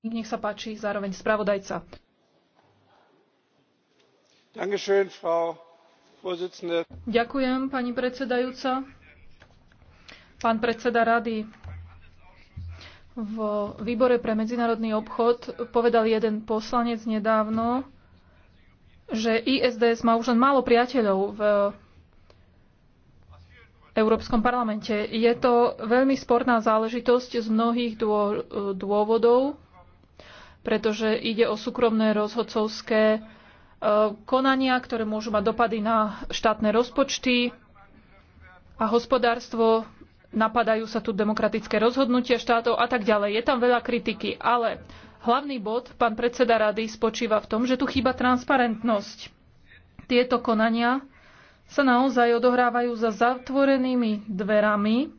Nech sa páči zároveň spravodajca. Ďakujem, pani predsedajúca. Pán predseda rady, v výbore pre medzinárodný obchod povedal jeden poslanec nedávno, že ISDS má už len málo priateľov v Európskom parlamente. Je to veľmi sporná záležitosť z mnohých dôvodov, pretože ide o súkromné rozhodcovské e, konania, ktoré môžu mať dopady na štátne rozpočty a hospodárstvo. Napadajú sa tu demokratické rozhodnutia štátov a tak ďalej. Je tam veľa kritiky, ale hlavný bod, pán predseda rady, spočíva v tom, že tu chýba transparentnosť. Tieto konania sa naozaj odohrávajú za zatvorenými dverami,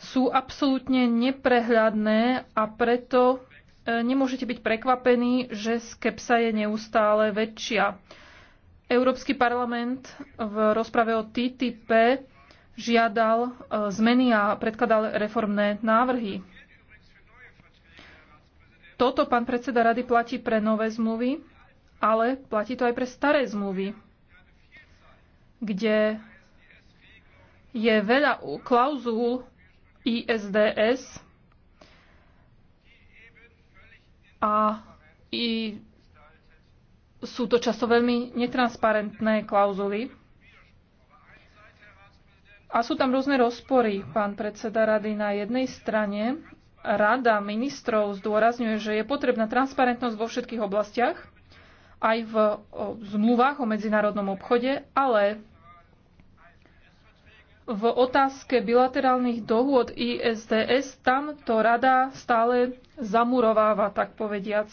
sú absolútne neprehľadné a preto nemôžete byť prekvapení, že skepsa je neustále väčšia. Európsky parlament v rozprave o TTIP žiadal e, zmeny a predkladal reformné návrhy. Toto, pán predseda rady, platí pre nové zmluvy, ale platí to aj pre staré zmluvy, kde je veľa klauzul ISDS, a i sú to často veľmi netransparentné klauzuly. A sú tam rôzne rozpory. Pán predseda rady na jednej strane rada ministrov zdôrazňuje, že je potrebná transparentnosť vo všetkých oblastiach, aj v zmluvách o medzinárodnom obchode, ale v otázke bilaterálnych dohôd ISDS, tam to rada stále zamurováva, tak povediac.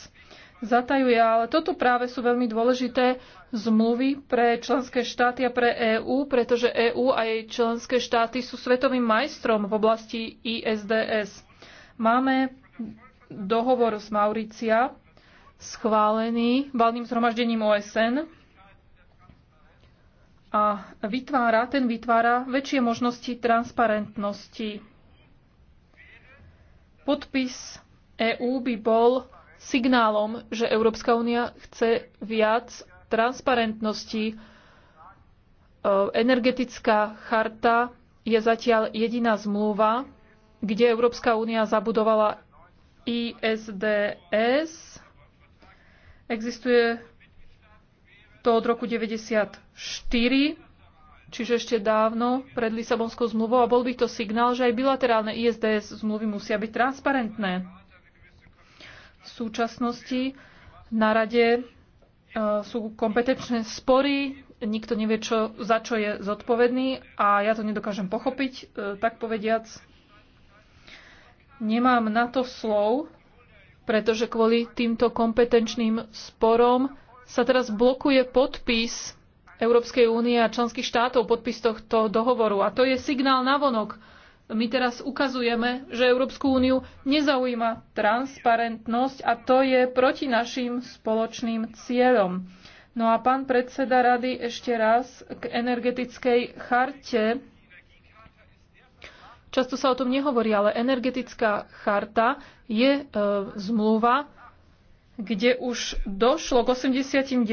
Zatajuje, ale toto práve sú veľmi dôležité zmluvy pre členské štáty a pre EÚ, pretože EÚ a jej členské štáty sú svetovým majstrom v oblasti ISDS. Máme dohovor z Mauricia, schválený valným zhromaždením OSN a vytvára, ten vytvára väčšie možnosti transparentnosti. Podpis EÚ by bol signálom, že Európska únia chce viac transparentnosti. E, energetická charta je zatiaľ jediná zmluva, kde Európska únia zabudovala ISDS. Existuje to od roku 94, čiže ešte dávno pred Lisabonskou zmluvou a bol by to signál, že aj bilaterálne ISDS zmluvy musia byť transparentné. V súčasnosti na rade e, sú kompetenčné spory, nikto nevie, čo, za čo je zodpovedný a ja to nedokážem pochopiť, e, tak povediac. Nemám na to slov, pretože kvôli týmto kompetenčným sporom sa teraz blokuje podpis Európskej únie a členských štátov, podpis tohto dohovoru. A to je signál navonok. My teraz ukazujeme, že Európsku úniu nezaujíma transparentnosť a to je proti našim spoločným cieľom. No a pán predseda rady ešte raz k energetickej charte. Často sa o tom nehovorí, ale energetická charta je e, zmluva, kde už došlo k 89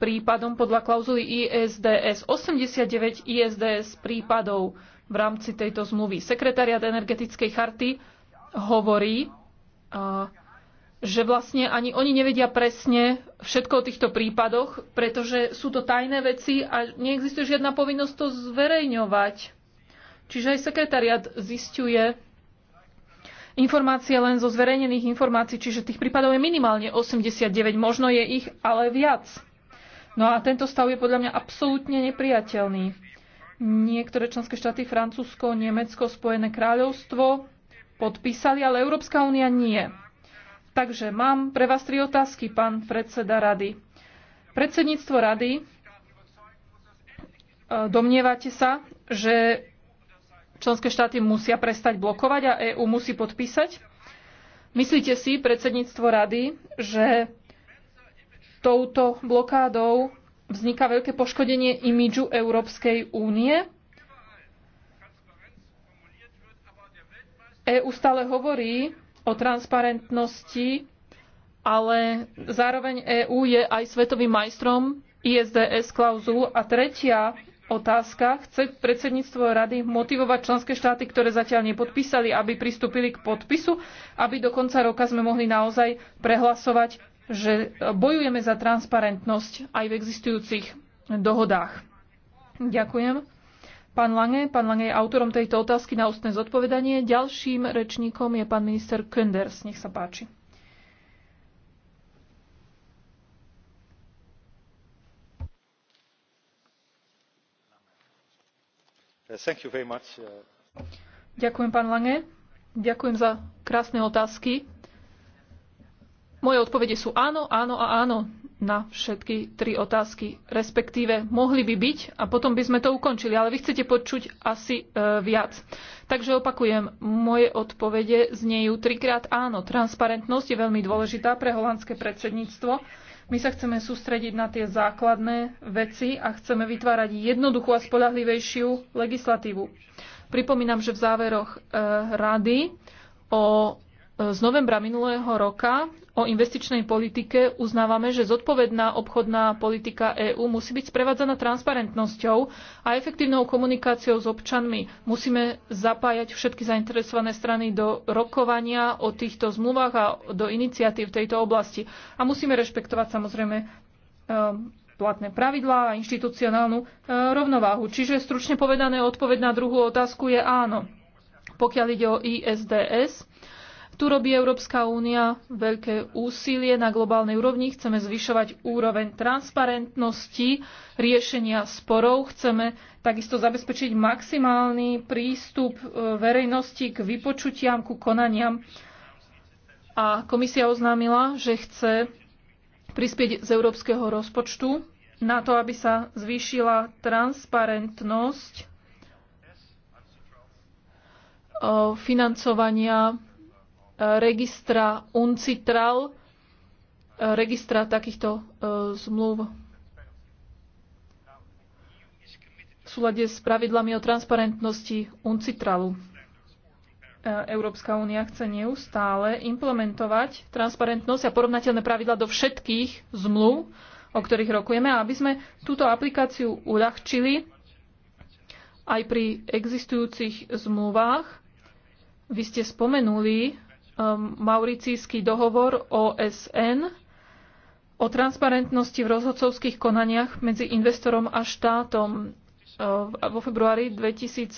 prípadom podľa klauzuly ISDS. 89 ISDS prípadov v rámci tejto zmluvy. Sekretariat energetickej charty hovorí, že vlastne ani oni nevedia presne všetko o týchto prípadoch, pretože sú to tajné veci a neexistuje žiadna povinnosť to zverejňovať. Čiže aj sekretariat zistuje, informácie len zo zverejnených informácií, čiže tých prípadov je minimálne 89, možno je ich ale viac. No a tento stav je podľa mňa absolútne nepriateľný. Niektoré členské štáty, Francúzsko, Nemecko, Spojené kráľovstvo podpísali, ale Európska únia nie. Takže mám pre vás tri otázky, pán predseda rady. Predsedníctvo rady, e, domnievate sa, že členské štáty musia prestať blokovať a EÚ musí podpísať? Myslíte si, predsedníctvo rady, že touto blokádou vzniká veľké poškodenie imidžu Európskej únie? EÚ stále hovorí o transparentnosti, ale zároveň EÚ je aj svetovým majstrom ISDS klauzul a tretia otázka chce predsedníctvo rady motivovať členské štáty, ktoré zatiaľ nepodpísali, aby pristúpili k podpisu, aby do konca roka sme mohli naozaj prehlasovať, že bojujeme za transparentnosť aj v existujúcich dohodách. Ďakujem. Pán Lange, pán Lange je autorom tejto otázky na ústne zodpovedanie. Ďalším rečníkom je pán minister Könders. Nech sa páči. Uh, uh, Ďakujem, pán Lange. Ďakujem za krásne otázky. Moje odpovede sú áno, áno a áno na všetky tri otázky, respektíve mohli by byť a potom by sme to ukončili, ale vy chcete počuť asi e, viac. Takže opakujem, moje odpovede znejú trikrát áno. Transparentnosť je veľmi dôležitá pre holandské predsedníctvo my sa chceme sústrediť na tie základné veci a chceme vytvárať jednoduchú a spolahlivejšiu legislatívu. Pripomínam, že v záveroch eh, rady o z novembra minulého roka o investičnej politike uznávame, že zodpovedná obchodná politika EÚ musí byť sprevádzaná transparentnosťou a efektívnou komunikáciou s občanmi. Musíme zapájať všetky zainteresované strany do rokovania o týchto zmluvách a do iniciatív v tejto oblasti. A musíme rešpektovať samozrejme e, platné pravidlá a inštitucionálnu e, rovnováhu. Čiže stručne povedané odpoveď na druhú otázku je áno. Pokiaľ ide o ISDS, tu robí Európska únia veľké úsilie na globálnej úrovni. Chceme zvyšovať úroveň transparentnosti riešenia sporov. Chceme takisto zabezpečiť maximálny prístup e, verejnosti k vypočutiam, ku konaniam. A komisia oznámila, že chce prispieť z európskeho rozpočtu na to, aby sa zvýšila transparentnosť e, financovania registra UNCITRAL, e, registra takýchto e, zmluv. V súlade s pravidlami o transparentnosti UNCITRALu. E, Európska únia chce neustále implementovať transparentnosť a porovnateľné pravidla do všetkých zmluv, o ktorých rokujeme, aby sme túto aplikáciu uľahčili aj pri existujúcich zmluvách. Vy ste spomenuli Um, Mauricijský dohovor OSN o transparentnosti v rozhodcovských konaniach medzi investorom a štátom. Uh, vo februári 2014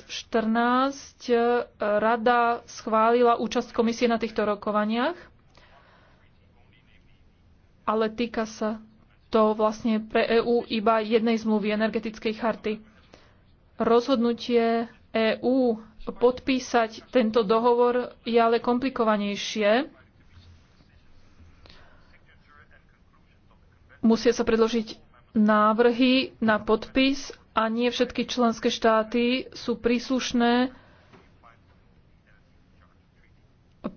uh, rada schválila účasť komisie na týchto rokovaniach, ale týka sa to vlastne pre EÚ iba jednej zmluvy energetickej charty. Rozhodnutie EÚ podpísať tento dohovor je ale komplikovanejšie. Musia sa predložiť návrhy na podpis a nie všetky členské štáty sú príslušné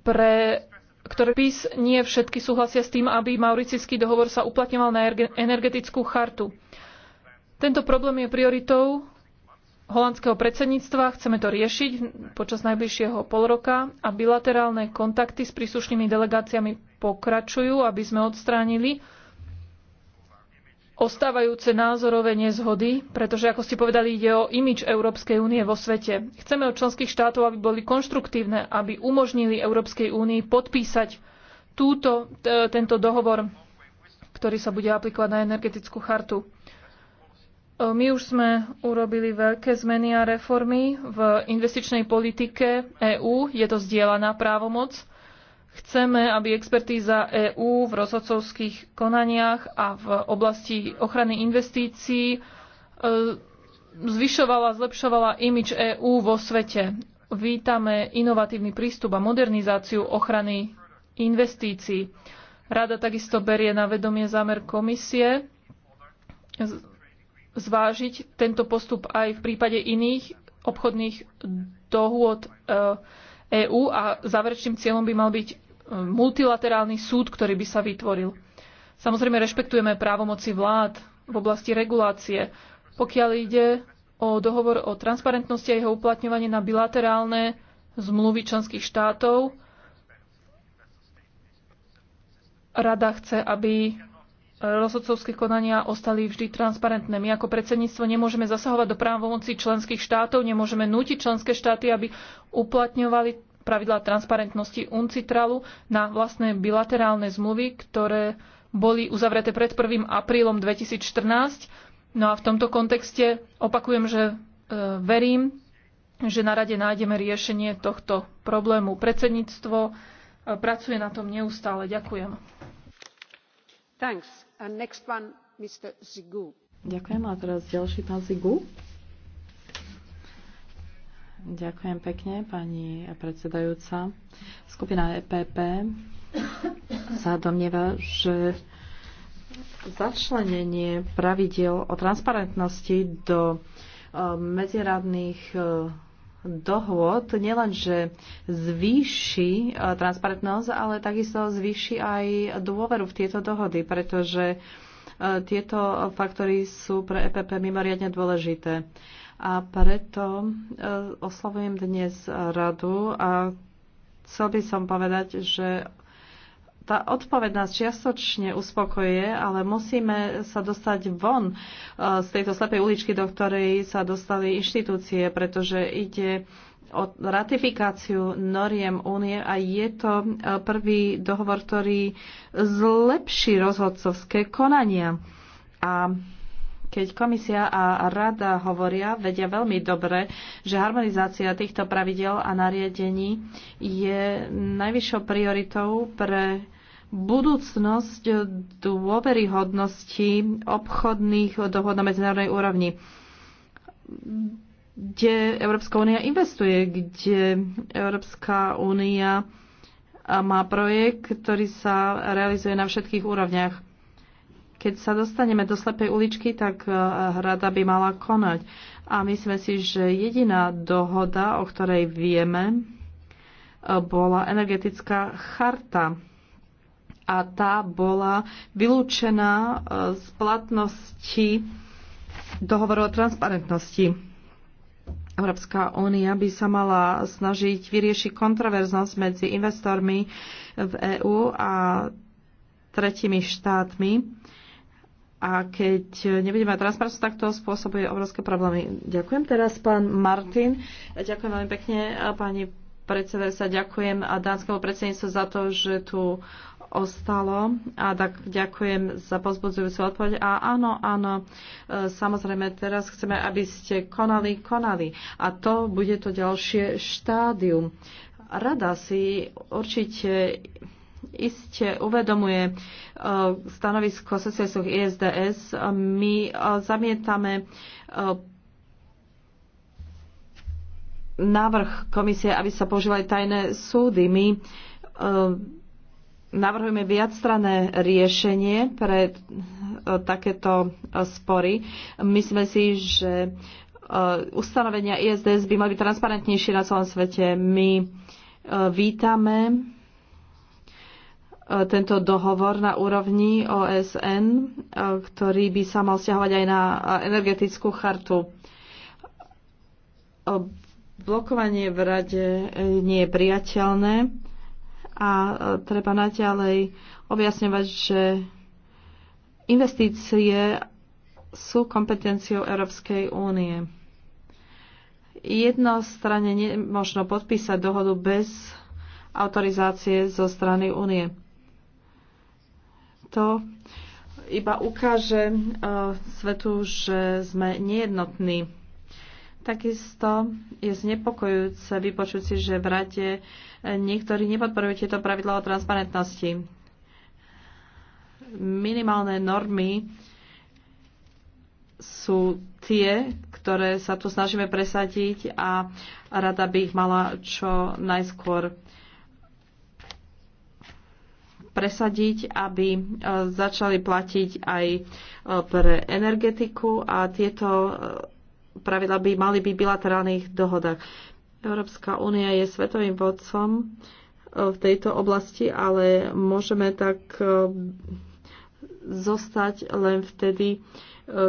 pre ktoré PIS nie všetky súhlasia s tým, aby mauricijský dohovor sa uplatňoval na energetickú chartu. Tento problém je prioritou holandského predsedníctva. Chceme to riešiť počas najbližšieho pol roka a bilaterálne kontakty s príslušnými delegáciami pokračujú, aby sme odstránili ostávajúce názorové nezhody, pretože, ako ste povedali, ide o imič Európskej únie vo svete. Chceme od členských štátov, aby boli konštruktívne, aby umožnili Európskej únii podpísať túto, tento dohovor, ktorý sa bude aplikovať na energetickú chartu. E, my už sme urobili veľké zmeny a reformy v investičnej politike EÚ. Je to zdieľaná právomoc. Chceme, aby expertíza EÚ v rozhodcovských konaniach a v oblasti ochrany investícií e, zvyšovala, zlepšovala imič EÚ vo svete. Vítame inovatívny prístup a modernizáciu ochrany investícií. Rada takisto berie na vedomie zámer komisie zvážiť tento postup aj v prípade iných obchodných dohôd EÚ e a záverečným cieľom by mal byť e, multilaterálny súd, ktorý by sa vytvoril. Samozrejme rešpektujeme právomoci vlád v oblasti regulácie. Pokiaľ ide o dohovor o transparentnosti a jeho uplatňovanie na bilaterálne zmluvy členských štátov, Rada chce, aby rozhodcovské konania ostali vždy transparentné. My ako predsedníctvo nemôžeme zasahovať do právomocí členských štátov, nemôžeme nútiť členské štáty, aby uplatňovali pravidlá transparentnosti UNCITRALu na vlastné bilaterálne zmluvy, ktoré boli uzavreté pred 1. aprílom 2014. No a v tomto kontexte opakujem, že e, verím, že na rade nájdeme riešenie tohto problému. Predsedníctvo e, pracuje na tom neustále. Ďakujem. Thanks. Ďakujem a teraz ďalší pán Zigu. Ďakujem pekne, pani predsedajúca. Skupina EPP sa domnieva, že začlenenie pravidel o transparentnosti do eh, medzinárodných eh, dohôd nielenže zvýši eh, transparentnosť, ale takisto zvýši aj dôveru v tieto dohody, pretože eh, tieto faktory sú pre EPP mimoriadne dôležité. A preto eh, oslovujem dnes radu a chcel by som povedať, že tá odpoveď nás čiastočne uspokojuje, ale musíme sa dostať von e, z tejto slepej uličky, do ktorej sa dostali inštitúcie, pretože ide o ratifikáciu noriem únie a je to e, prvý dohovor, ktorý zlepší rozhodcovské konania. A keď komisia a rada hovoria, vedia veľmi dobre, že harmonizácia týchto pravidel a nariadení je najvyššou prioritou pre budúcnosť dôveryhodnosti obchodných dohod na medzinárodnej úrovni, kde Európska únia investuje, kde Európska únia má projekt, ktorý sa realizuje na všetkých úrovniach. Keď sa dostaneme do slepej uličky, tak eh, rada by mala konať. A myslíme si, že jediná dohoda, o ktorej vieme, eh, bola energetická charta a tá bola vylúčená e, z platnosti dohovoru o transparentnosti. Európska únia by sa mala snažiť vyriešiť kontroverznosť medzi investormi v EÚ a tretimi štátmi. A keď nebudeme mať transparentnosť, tak to spôsobuje obrovské problémy. Ďakujem teraz, pán Martin. Ďakujem veľmi pekne, pani predseda sa ďakujem a dánskemu predsedníctvu za to, že tu ostalo. A tak ďakujem za pozbudzujúcu odpoveď. A áno, áno, e, samozrejme teraz chceme, aby ste konali, konali. A to bude to ďalšie štádium. Rada si určite iste uvedomuje e, stanovisko sociálnych ISDS. My e, zamietame návrh komisie, aby sa používali tajné súdy. My navrhujeme viacstranné riešenie pre e, takéto e, spory. Myslíme si, že e, ustanovenia ISDS by mali byť transparentnejšie na celom svete. My vítame tento dohovor na úrovni OSN, ktorý by sa mal stiahovať aj na energetickú chartu. Blokovanie v rade nie je priateľné a e, treba naďalej objasňovať, že investície sú kompetenciou Európskej únie. strane možno podpísať dohodu bez autorizácie zo strany únie. To iba ukáže uh, svetu, že sme nejednotní. Takisto je znepokojujúce vypočuť si, že v rade niektorí nepodporujú tieto pravidla o transparentnosti. Minimálne normy sú tie, ktoré sa tu snažíme presadiť a rada by ich mala čo najskôr presadiť, aby e, začali platiť aj e, pre energetiku a tieto e, pravidla by mali byť bilaterálnych dohodách. Európska únia je svetovým vodcom e, v tejto oblasti, ale môžeme tak e, zostať len vtedy, e,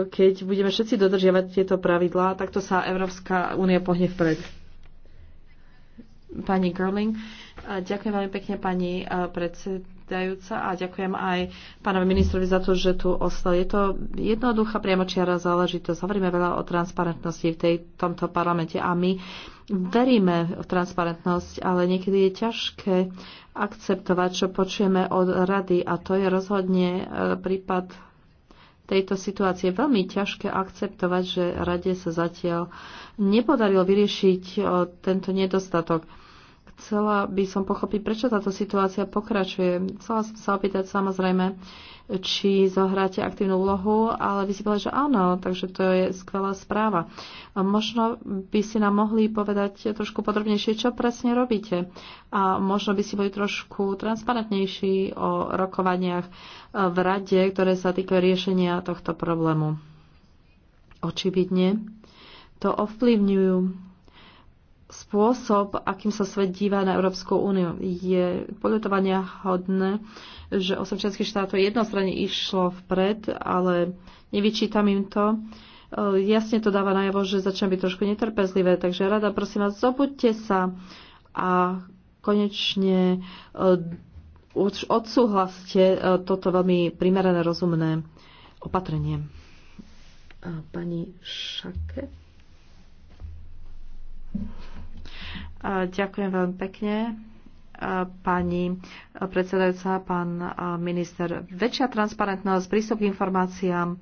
keď budeme všetci dodržiavať tieto pravidlá, takto sa Európska únia pohne vpred. Pani Gerling, ďakujem veľmi pekne pani predsedníčka predsedajúca a ďakujem aj pánovi ministrovi za to, že tu ostal. Je to jednoduchá priamočiara záležitosť. Hovoríme veľa o transparentnosti v tej, tomto parlamente a my veríme v transparentnosť, ale niekedy je ťažké akceptovať, čo počujeme od rady a to je rozhodne e, prípad tejto situácie veľmi ťažké akceptovať, že rade sa zatiaľ nepodarilo vyriešiť e, tento nedostatok. Chcela by som pochopiť, prečo táto situácia pokračuje. Chcela som sa opýtať samozrejme, či zohráte aktívnu úlohu, ale vy si povedali, že áno, takže to je skvelá správa. A možno by si nám mohli povedať trošku podrobnejšie, čo presne robíte. A možno by si boli trošku transparentnejší o rokovaniach v rade, ktoré sa týkajú riešenia tohto problému. Očividne to ovplyvňujú spôsob, akým sa svet díva na Európsku úniu. Je poľutovania hodné, že 8 členských štátov jednostranne išlo vpred, ale nevyčítam im to. E, jasne to dáva najavo, že začnem byť trošku netrpezlivé, takže rada, prosím vás, zobuďte sa a konečne e, už odsúhlaste e, toto veľmi primerané, rozumné opatrenie. Pani Šake. Ďakujem veľmi pekne pani predsedajúca, pán minister. Väčšia transparentnosť, prístup k informáciám.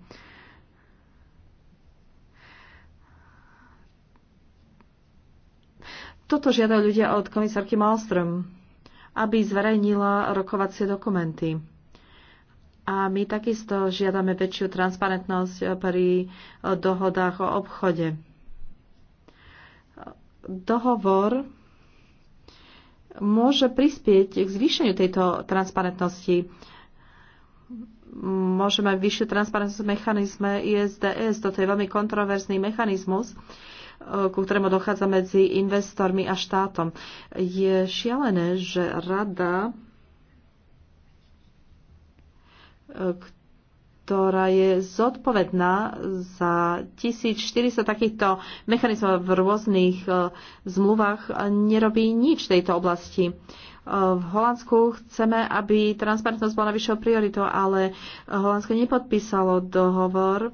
Toto žiadajú ľudia od komisárky Malström, aby zverejnila rokovacie dokumenty. A my takisto žiadame väčšiu transparentnosť pri e, dohodách o obchode dohovor môže prispieť k zvýšeniu tejto transparentnosti. Môžeme mať vyššiu transparentnosť v mechanizme ISDS. Toto je veľmi kontroverzný mechanizmus, e, ku ktorému dochádza medzi investormi a štátom. Je šialené, že rada, e, ktorá je zodpovedná za 1400 takýchto mechanizmov v rôznych e, zmluvách, nerobí nič v tejto oblasti. E, v Holandsku chceme, aby transparentnosť bola najvyššou prioritou, ale Holandsko nepodpísalo dohovor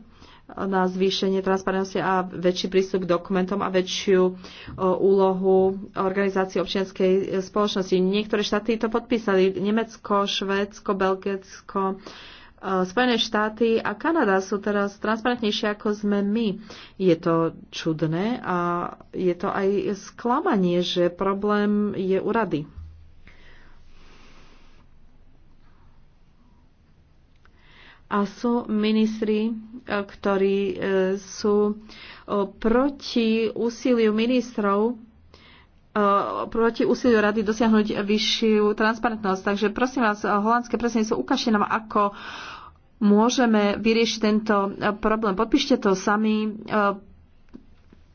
na zvýšenie transparentnosti a väčší prístup k dokumentom a väčšiu e, úlohu organizácií občianskej spoločnosti. Niektoré štáty to podpísali. Nemecko, Švédsko, Belgicko, Eh, Spojené štáty a Kanada sú teraz transparentnejšie ako sme my. Je to čudné a je to aj sklamanie, že problém je u rady. A sú ministri, eh, ktorí eh, sú proti úsiliu ministrov E, proti úsiliu rady dosiahnuť vyššiu transparentnosť. Takže prosím vás, holandské predsedníctvo, ukážte nám, ako môžeme vyriešiť tento e, problém. Podpíšte to sami, e,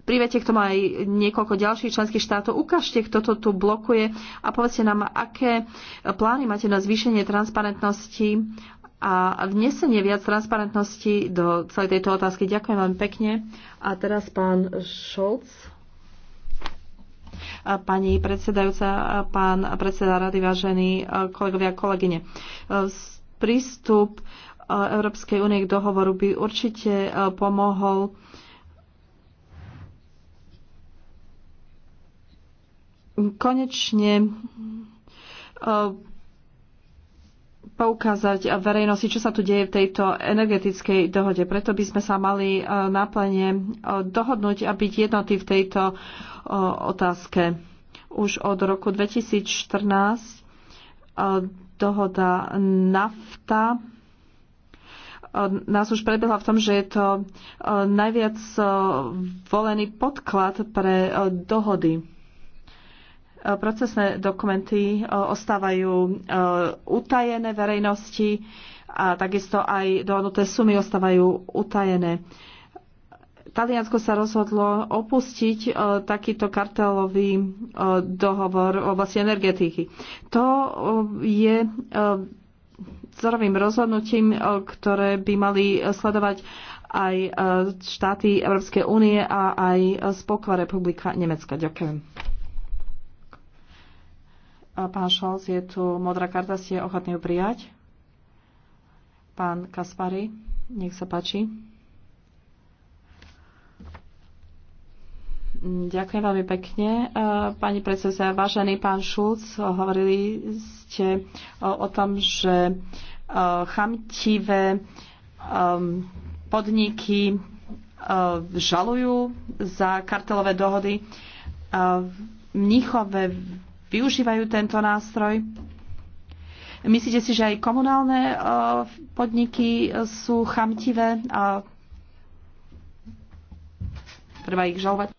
privete k tomu aj niekoľko ďalších členských štátov, ukážte, kto to tu blokuje a povedzte nám, aké plány máte na zvýšenie transparentnosti a vnesenie viac transparentnosti do celej tejto otázky. Ďakujem vám pekne. A teraz pán Šolc pani predsedajúca, pán predseda rady, vážení kolegovia a kolegyne. E, prístup e, Európskej únie k dohovoru by určite e, pomohol konečne poukázať verejnosti, čo sa tu deje v tejto energetickej dohode. Preto by sme sa mali e, náplne e, dohodnúť a byť jednotí v tejto e, otázke. Už od roku 2014 dohoda NAFTA nás už prebehla v tom, že je to najviac volený podklad pre dohody procesné dokumenty e, ostávajú e, utajené verejnosti a takisto aj dohodnuté sumy ostávajú utajené. Taliansko sa rozhodlo opustiť e, takýto kartelový dohovor v oblasti energetiky. To je zorovým rozhodnutím, ktoré by mali sledovať aj štáty Európskej únie a aj Spolková republika Nemecka. Ďakujem. Pán Scholz, je tu modrá karta, ste ochotní ju prijať? Pán Kaspari, nech sa páči. Ďakujem veľmi pekne. Pani predsedajúca, vážený pán Šulc, hovorili ste o, o tom, že chamtivé podniky žalujú za kartelové dohody. Mníchové využívajú tento nástroj. Myslíte si, že aj komunálne e, podniky sú chamtivé a treba ich žalovať?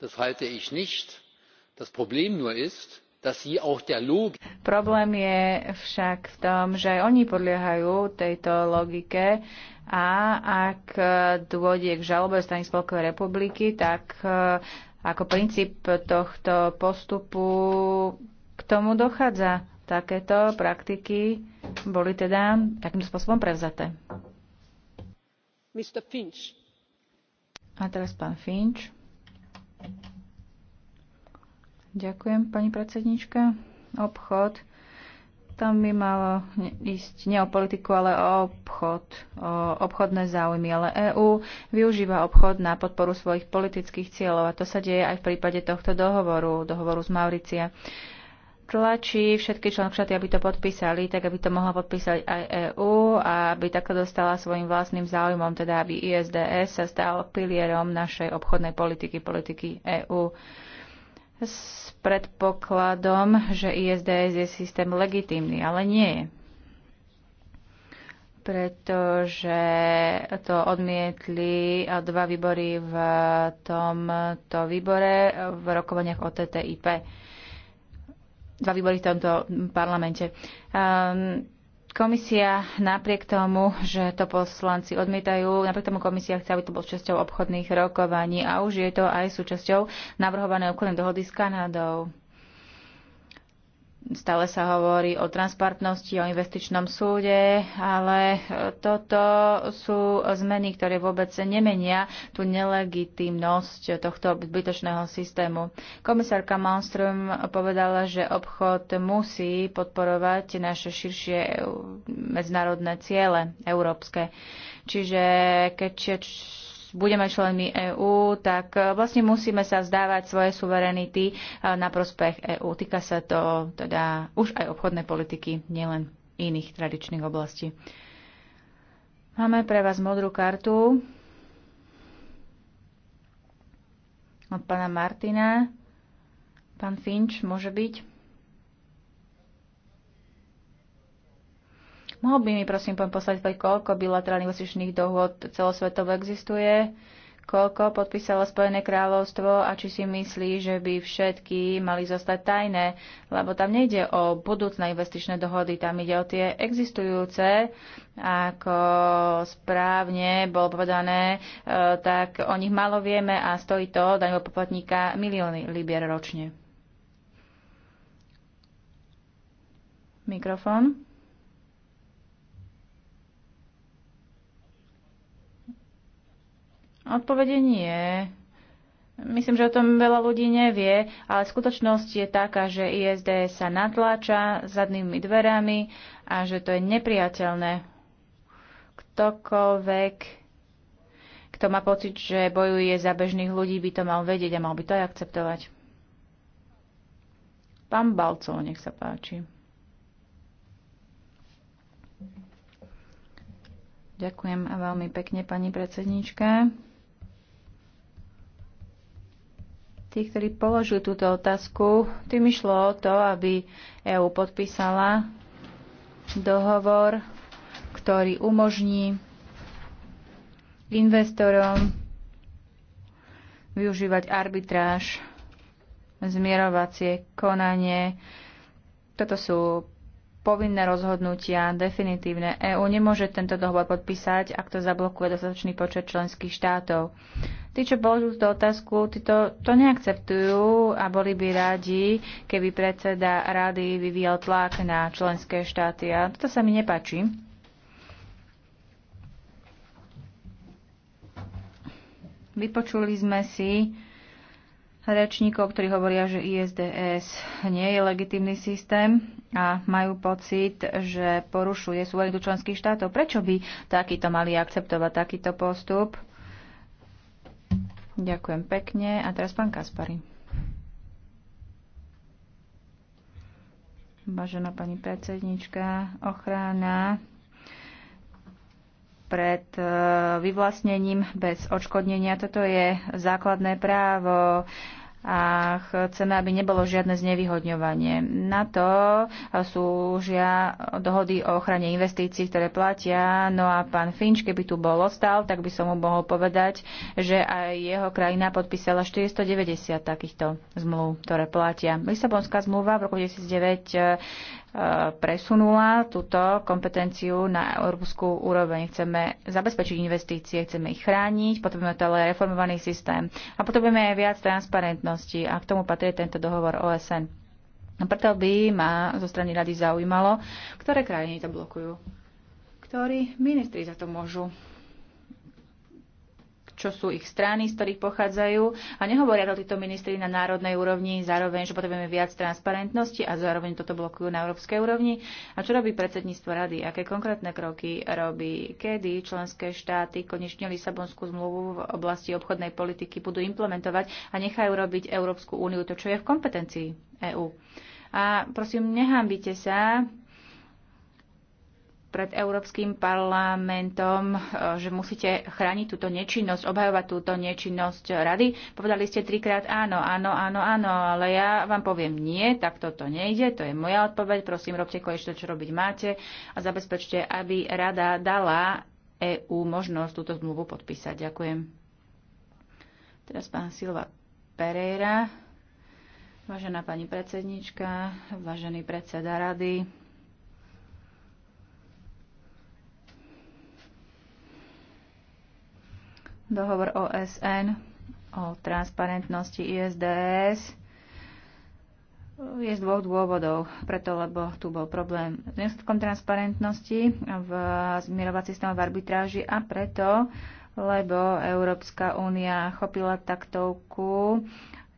Das halte ich nicht. Das Problem nur ist, dass sie auch der Logik. Problem je však v tom, že oni podliehajú tejto logike, a ak dôjde k žalobe zo strany Spolkovej republiky, tak eh, ako princíp tohto postupu k tomu dochádza. Takéto praktiky boli teda takým spôsobom prevzaté. Mr. Finch. A teraz pán Finch. Ďakujem, pani predsednička. Obchod tam by malo ísť nie o politiku, ale o obchod, o obchodné záujmy. Ale EÚ využíva obchod na podporu svojich politických cieľov a to sa deje aj v prípade tohto dohovoru, dohovoru z Mauricia tlačí všetky členské aby to podpísali, tak aby to mohla podpísať aj EÚ a aby takto dostala svojim vlastným záujmom, teda aby ISDS sa stal pilierom našej obchodnej politiky, politiky EÚ s predpokladom, že ISDS je systém legitímny, ale nie je pretože to odmietli dva výbory v tomto výbore v rokovaniach o TTIP. Dva výbory v tomto parlamente. Um, Komisia napriek tomu, že to poslanci odmietajú, napriek tomu komisia chce, aby to bol časťou obchodných rokovaní a už je to aj súčasťou navrhovanej obchodnej dohody s Kanadou. Stále sa hovorí o transparentnosti, o investičnom súde, ale e, toto sú zmeny, ktoré vôbec nemenia tú nelegitimnosť tohto zbytočného systému. Komisárka Malmström povedala, že obchod musí podporovať naše širšie e, medzinárodné ciele európske. Čiže keď budeme členmi EÚ, tak e, vlastne musíme sa vzdávať svoje suverenity e, na prospech EÚ. Týka sa to teda už aj obchodnej politiky, nielen iných tradičných oblastí. Máme pre vás modrú kartu od pána Martina. Pán Finč, môže byť? Mohol by mi prosím pán poslať, koľko bilaterálnych investičných dohôd celosvetovo existuje? koľko podpísalo Spojené kráľovstvo a či si myslí, že by všetky mali zostať tajné, lebo tam nejde o budúcné investičné dohody, tam ide o tie existujúce, ako správne bolo povedané, e, tak o nich málo vieme a stojí to daňového poplatníka milióny libier ročne. Mikrofón. Odpovede nie. Myslím, že o tom veľa ľudí nevie, ale skutočnosť je taká, že ISD sa natláča zadnými dverami a že to je nepriateľné. Ktokoľvek, kto má pocit, že bojuje za bežných ľudí, by to mal vedieť a mal by to aj akceptovať. Pán Balcov, nech sa páči. Ďakujem veľmi pekne, pani predsednička. Tí, ktorí položili túto otázku, tým išlo o to, aby EÚ podpísala dohovor, ktorý umožní investorom využívať arbitráž, zmierovacie konanie. Toto sú povinné rozhodnutia, definitívne. EÚ nemôže tento dohovor podpísať, ak to zablokuje dostatočný počet členských štátov. Tí, čo položujú túto otázku, tí to, to neakceptujú a boli by radi, keby predseda rady vyvíjal tlak na členské štáty. A toto sa mi nepáči. Vypočuli sme si rečníkov, ktorí hovoria, že ISDS nie je legitímny systém a majú pocit, že porušuje suverenitu členských štátov. Prečo by takýto mali akceptovať takýto postup? Ďakujem pekne. A teraz pán Kaspari. Vážená pani predsednička, ochrana pred e, vyvlastnením bez odškodnenia. Toto je základné právo a chceme, aby nebolo žiadne znevýhodňovanie. Na to sú súžia dohody o ochrane investícií, ktoré platia. No a pán Finč, keby tu bol ostal, tak by som mu mohol povedať, že aj jeho krajina podpísala 490 takýchto zmluv, ktoré platia. Lisabonská zmluva v roku 2009 e, presunula túto kompetenciu na európsku úroveň. Chceme zabezpečiť investície, chceme ich chrániť, potrebujeme to ale reformovaný systém a potrebujeme aj viac transparentnosti budúcnosti a k tomu patrí tento dohovor OSN. A preto by ma zo strany rady zaujímalo, ktoré krajiny to blokujú. Ktorí ministri za to môžu čo sú ich strany, z ktorých pochádzajú. A nehovoria to títo ministri na národnej úrovni, zároveň, že potrebujeme viac transparentnosti a zároveň toto blokujú na európskej úrovni. A čo robí predsedníctvo rady? Aké konkrétne kroky robí? Kedy členské štáty konečne Lisabonskú zmluvu v oblasti obchodnej politiky budú implementovať a nechajú robiť Európsku úniu to, čo je v kompetencii EÚ? A prosím, nehámbite sa pred Európskym parlamentom, e, že musíte chrániť túto nečinnosť, obhajovať túto nečinnosť rady. Povedali ste trikrát áno, áno, áno, áno, ale ja vám poviem nie, tak toto nejde, to je moja odpoveď, prosím, robte konečne, čo robiť máte a zabezpečte, aby rada dala EÚ možnosť túto zmluvu podpísať. Ďakujem. Teraz pán Silva Pereira, vážená pani predsednička, vážený predseda rady, dohovor OSN o transparentnosti ISDS je z dvoch dôvodov. Preto, lebo tu bol problém s nedostatkom transparentnosti v zmierovací stave v arbitráži a preto, lebo Európska únia chopila taktovku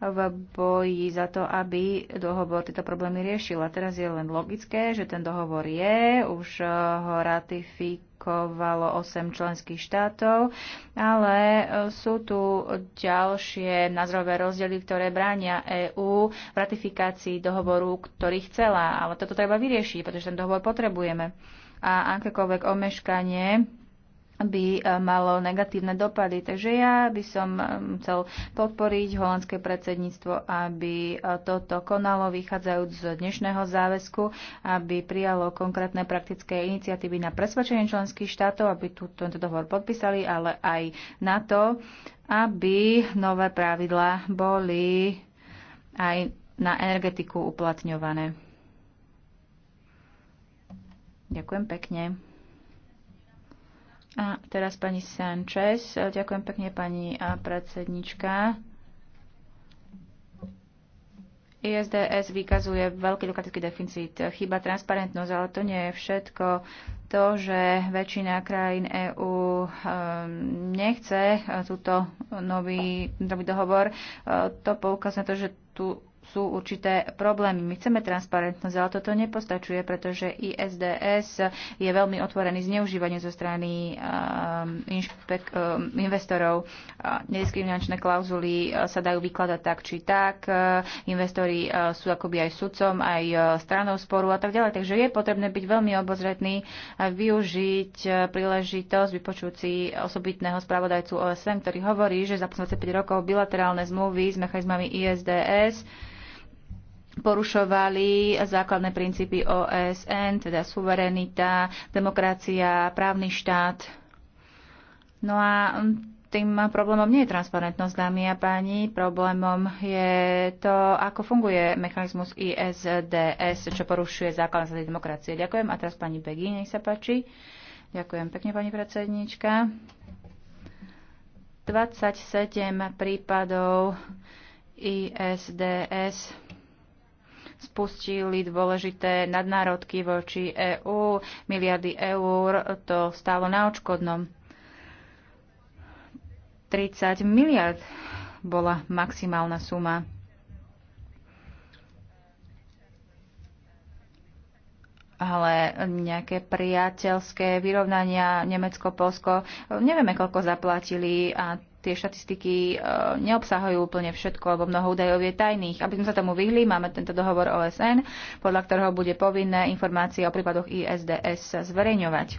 v boji za to, aby dohovor tieto problémy riešil. A teraz je len logické, že ten dohovor je, už eh, ho ratifikovalo 8 členských štátov, ale eh, sú tu ďalšie názorové rozdiely, ktoré bránia EÚ v ratifikácii dohovoru, ktorý chcela. Ale toto treba vyriešiť, pretože ten dohovor potrebujeme. A akékoľvek omeškanie by eh, malo negatívne dopady. Takže ja by som eh, chcel podporiť holandské predsedníctvo, aby eh, toto konalo vychádzajúc z dnešného záväzku, aby prijalo konkrétne praktické iniciatívy na presvedčenie členských štátov, aby tu, tento dohovor podpísali, ale aj na to, aby nové pravidlá boli aj na energetiku uplatňované. Ďakujem pekne. A teraz pani Sanchez. Ďakujem pekne, pani predsednička. ISDS vykazuje veľký lokatický deficit. Chyba transparentnosť, ale to nie je všetko. To, že väčšina krajín EÚ ehm, nechce e, túto nový, nový dohovor, e, to poukazuje na to, že tu sú určité problémy. My chceme transparentnosť, ale toto nepostačuje, pretože ISDS je veľmi otvorený zneužívaniu zo strany um, inšpek- um, investorov. Nediskriminačné klauzuly uh, sa dajú vykladať tak či tak. Uh, investori uh, sú akoby aj sudcom, aj stranou sporu a tak ďalej. Takže je potrebné byť veľmi obozretný a využiť príležitosť vypočujúci osobitného spravodajcu OSN, ktorý hovorí, že za posledné 5 rokov bilaterálne zmluvy s mechanizmami ISDS porušovali základné princípy OSN, teda suverenita, demokracia, právny štát. No a tým problémom nie je transparentnosť, dámy a páni. Problémom je to, ako funguje mechanizmus ISDS, čo porušuje základné zásady demokracie. Ďakujem. A teraz pani Begin, nech sa páči. Ďakujem pekne, pani predsednička. 27 prípadov ISDS spustili dôležité nadnárodky voči EÚ. Miliardy eur to stálo na očkodnom. 30 miliard bola maximálna suma. ale nejaké priateľské vyrovnania Nemecko-Polsko, nevieme, koľko zaplatili a tie štatistiky e, neobsahujú úplne všetko, lebo mnoho údajov je tajných. Aby sme sa tomu vyhli, máme tento dohovor OSN, podľa ktorého bude povinné informácie o prípadoch ISDS zverejňovať.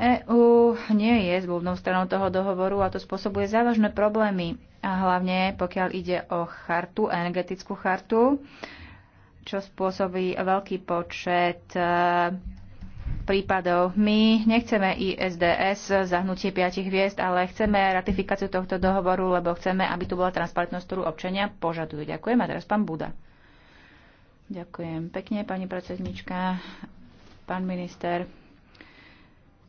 EÚ nie je zbúvnou stranou toho dohovoru a to spôsobuje závažné problémy, a hlavne pokiaľ ide o chartu, energetickú chartu, čo spôsobí veľký počet eh, prípadov. My nechceme ISDS zahnutie piatich hviezd, ale chceme ratifikáciu tohto dohovoru, lebo chceme, aby tu bola transparentnosť, ktorú občania požadujú. Ďakujem. A teraz pán Buda. Ďakujem pekne, pani predsednička, pán minister.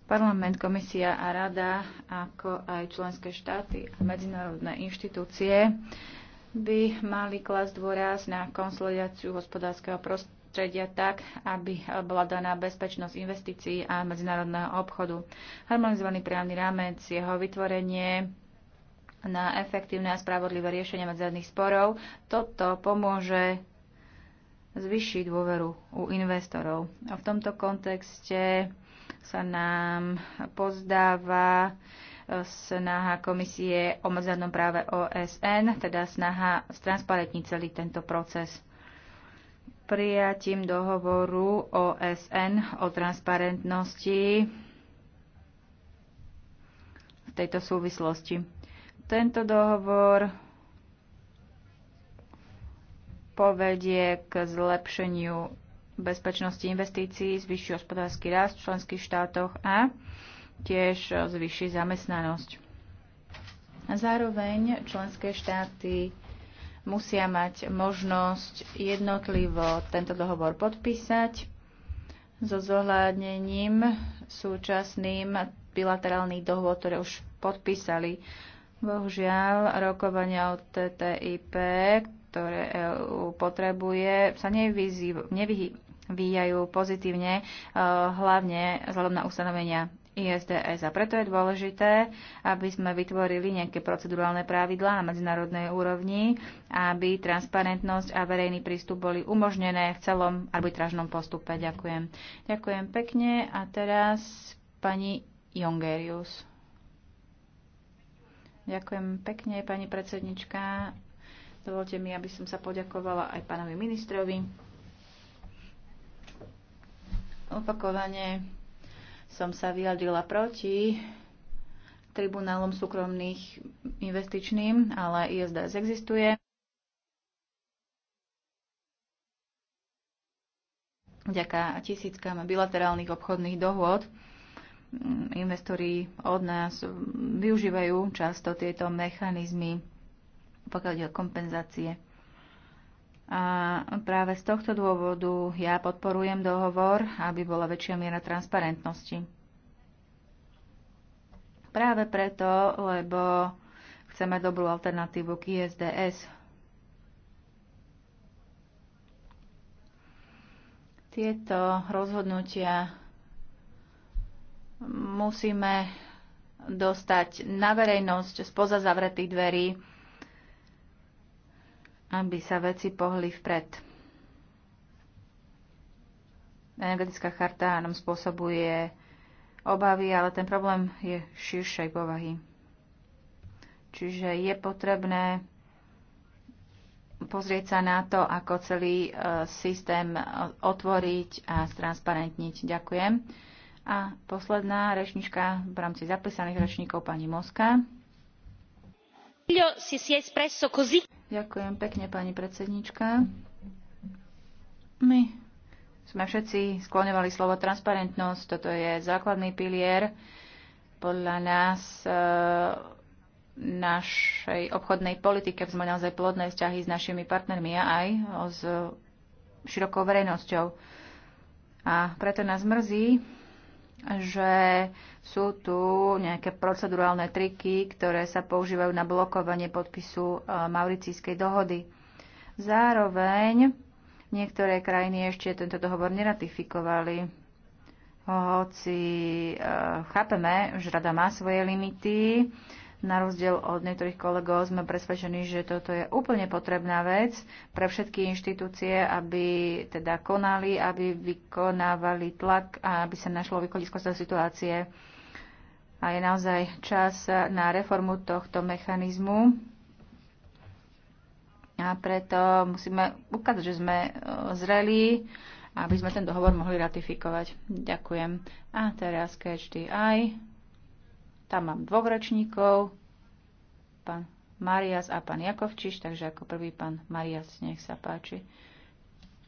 Parlament, komisia a rada, ako aj členské štáty a medzinárodné inštitúcie by mali klasť dôraz na konsolidáciu hospodárskeho prostredia tak, aby bola daná bezpečnosť investícií a medzinárodného obchodu. Harmonizovaný právny rámec, jeho vytvorenie na efektívne a spravodlivé riešenie medzinárodných sporov, toto pomôže zvyšiť dôveru u investorov. A v tomto kontexte sa nám pozdáva snaha komisie o medzinárodnom práve OSN, teda snaha stransparentniť celý tento proces prijatím dohovoru OSN o transparentnosti v tejto súvislosti. Tento dohovor povedie k zlepšeniu bezpečnosti investícií, zvyšší hospodársky rast v členských štátoch a tiež zvyši zamestnanosť. Zároveň členské štáty musia mať možnosť jednotlivo tento dohovor podpísať so zohľadnením súčasným bilaterálnych dohovor, ktoré už podpísali. Bohužiaľ, rokovania o TTIP, ktoré EU potrebuje, sa nevyvíjajú pozitívne, e, hlavne vzhľadom na ustanovenia ISDS. E a preto je dôležité, aby sme vytvorili nejaké procedurálne pravidlá na medzinárodnej úrovni, aby transparentnosť a verejný prístup boli umožnené v celom arbitrážnom postupe. Ďakujem. Ďakujem pekne. A teraz pani Jongerius. Ďakujem pekne, pani predsednička. Dovolte mi, aby som sa poďakovala aj pánovi ministrovi. Opakovane som sa vyjadrila proti tribunálom súkromných investičným, ale ISDS existuje. Vďaka tisíckam bilaterálnych obchodných dohôd mm, investori od nás využívajú často tieto mechanizmy, pokiaľ ide o kompenzácie. A práve z tohto dôvodu ja podporujem dohovor, aby bola väčšia miera transparentnosti. Práve preto, lebo chceme dobrú alternatívu k ISDS. Tieto rozhodnutia musíme dostať na verejnosť spoza zavretých dverí aby sa veci pohli vpred. Energetická charta nám spôsobuje obavy, ale ten problém je širšej povahy. Čiže je potrebné pozrieť sa na to, ako celý e, systém e, otvoriť a stransparentniť. Ďakujem. A posledná rečnička v rámci zapísaných rečníkov, pani Moska. Ďakujem pekne, pani predsednička. My sme všetci skloňovali slovo transparentnosť. Toto je základný pilier podľa nás e, našej obchodnej politike. Sme naozaj plodné vzťahy s našimi partnermi a aj s širokou verejnosťou. A preto nás mrzí, že sú tu nejaké procedurálne triky, ktoré sa používajú na blokovanie podpisu e, Mauricijskej dohody. Zároveň niektoré krajiny ešte tento dohovor neratifikovali. Hoci e, chápeme, že rada má svoje limity, na rozdiel od niektorých kolegov sme presvedčení, že toto je úplne potrebná vec pre všetky inštitúcie, aby teda konali, aby vykonávali tlak a aby sa našlo východisko z situácie. A je naozaj čas na reformu tohto mechanizmu. A preto musíme ukázať, že sme e, zreli, aby sme ten dohovor mohli ratifikovať. Ďakujem. A teraz catch the eye. Tam mám dvoch ročníkov, pán Marias a pán Jakovčiš, takže ako prvý pán Marias, nech sa páči.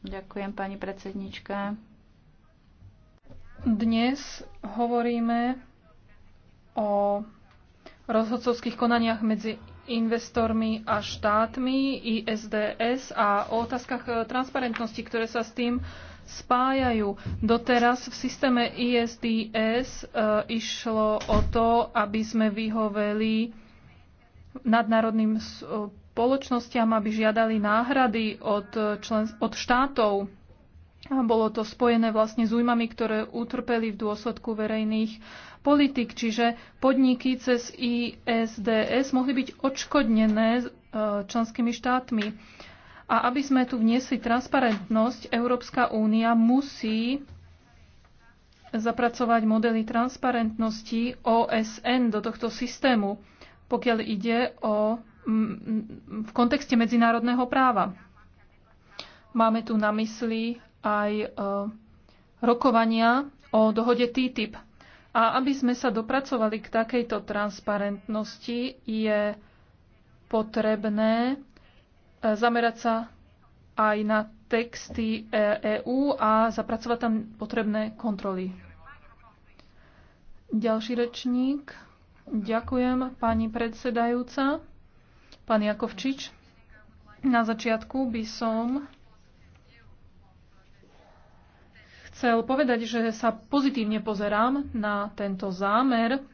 Ďakujem, pani predsednička. Dnes hovoríme o rozhodcovských konaniach medzi investormi a štátmi, ISDS a o otázkach transparentnosti, ktoré sa s tým uh, spájajú. Doteraz v systéme ISDS e, išlo o to, aby sme vyhoveli nadnárodným e, spoločnostiam, aby žiadali náhrady od, e, člen, od štátov. Bolo to spojené vlastne s újmami, ktoré utrpeli v dôsledku verejných politik, čiže podniky cez ISDS mohli byť odškodnené členskými štátmi. A aby sme tu vniesli transparentnosť, Európska únia musí zapracovať modely transparentnosti OSN do tohto systému, pokiaľ ide o, v kontexte medzinárodného práva. Máme tu na mysli aj e, rokovania o dohode TTIP. A aby sme sa dopracovali k takejto transparentnosti, je potrebné zamerať sa aj na texty EÚ e a zapracovať tam potrebné kontroly. Ďalší rečník. Ďakujem, pani predsedajúca. Pán Jakovčič, na začiatku by som chcel povedať, že sa pozitívne pozerám na tento zámer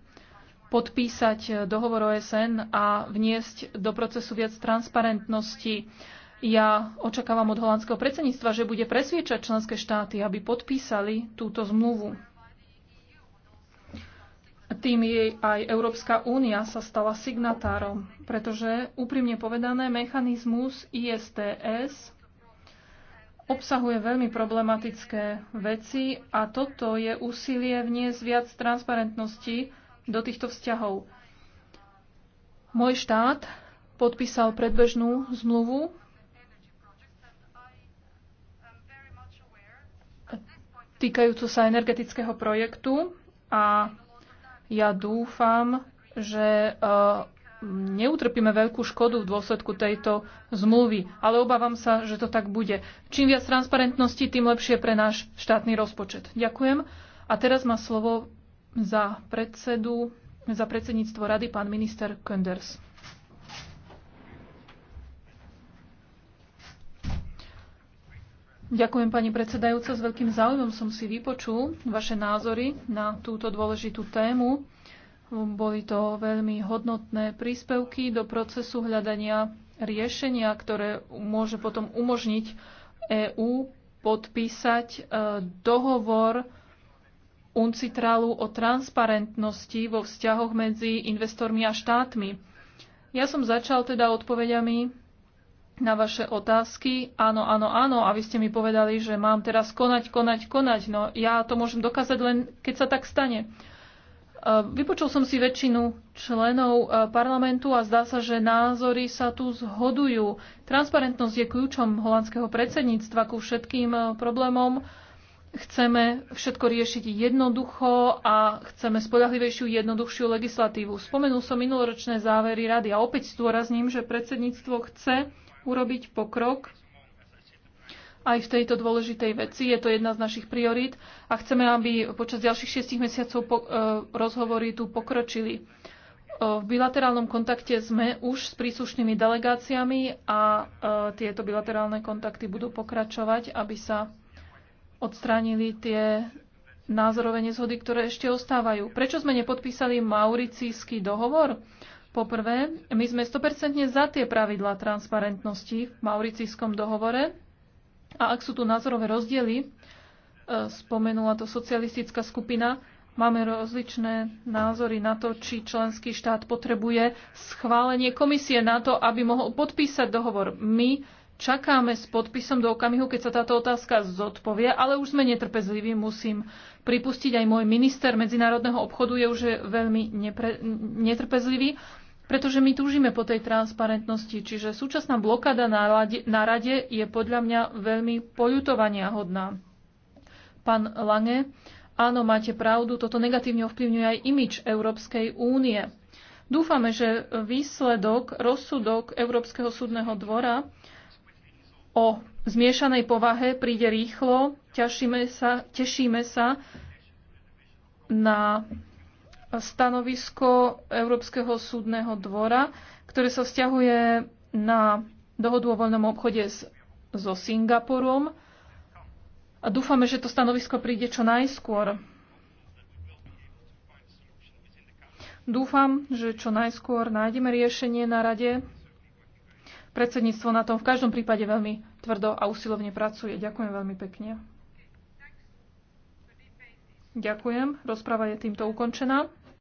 podpísať eh, dohovor OSN a vniesť do procesu viac transparentnosti. Ja očakávam od holandského predsedníctva, že bude presviečať členské štáty, aby podpísali túto zmluvu. Tým jej aj Európska únia sa stala signatárom, pretože úprimne povedané mechanizmus ISTS obsahuje veľmi problematické veci a toto je úsilie vniesť viac transparentnosti do týchto vzťahov. Môj štát podpísal predbežnú zmluvu týkajúcu sa energetického projektu a ja dúfam, že e, neutrpíme veľkú škodu v dôsledku tejto zmluvy, ale obávam sa, že to tak bude. Čím viac transparentnosti, tým lepšie pre náš štátny rozpočet. Ďakujem. A teraz má slovo za predsedu, za predsedníctvo rady pán minister Könders. Ďakujem pani predsedajúca. S veľkým záujmom som si vypočul vaše názory na túto dôležitú tému. Boli to veľmi hodnotné príspevky do procesu hľadania riešenia, ktoré môže potom umožniť EÚ podpísať e, dohovor UNCITRALu o transparentnosti vo vzťahoch medzi investormi a štátmi. Ja som začal teda odpovediami na vaše otázky. Áno, áno, áno. A vy ste mi povedali, že mám teraz konať, konať, konať. No ja to môžem dokázať len, keď sa tak stane. E, vypočul som si väčšinu členov e, parlamentu a zdá sa, že názory sa tu zhodujú. Transparentnosť je kľúčom holandského predsedníctva ku všetkým e, problémom, chceme všetko riešiť jednoducho a chceme spolahlivejšiu, jednoduchšiu legislatívu. Spomenul som minuloročné závery rady a opäť stôrazním, že predsedníctvo chce urobiť pokrok aj v tejto dôležitej veci. Je to jedna z našich priorít a chceme, aby počas ďalších šiestich mesiacov po, e, rozhovory tu pokročili. E, v bilaterálnom kontakte sme už s príslušnými delegáciami a e, tieto bilaterálne kontakty budú pokračovať, aby sa odstránili tie názorové nezhody, ktoré ešte ostávajú. Prečo sme nepodpísali mauricijský dohovor? Poprvé, my sme 100% za tie pravidlá transparentnosti v mauricijskom dohovore a ak sú tu názorové rozdiely, e, spomenula to socialistická skupina, máme rozličné názory na to, či členský štát potrebuje schválenie komisie na to, aby mohol podpísať dohovor. My čakáme s podpisom do okamihu, keď sa táto otázka zodpovie, ale už sme netrpezliví, musím pripustiť, aj môj minister medzinárodného obchodu je už veľmi nepre, netrpezlivý, pretože my túžime po tej transparentnosti, čiže súčasná blokada na, rade, na rade je podľa mňa veľmi poľutovania hodná. Pán Lange, áno, máte pravdu, toto negatívne ovplyvňuje aj imič Európskej únie. Dúfame, že výsledok, rozsudok Európskeho súdneho dvora o zmiešanej povahe príde rýchlo. Tešíme sa, tešíme sa na stanovisko Európskeho súdneho dvora, ktoré sa vzťahuje na dohodu o voľnom obchode s, so Singapurom. A dúfame, že to stanovisko príde čo najskôr. Dúfam, že čo najskôr nájdeme riešenie na rade Predsedníctvo na tom v každom prípade veľmi tvrdo a usilovne pracuje. Ďakujem veľmi pekne. Ďakujem. Rozprava je týmto ukončená.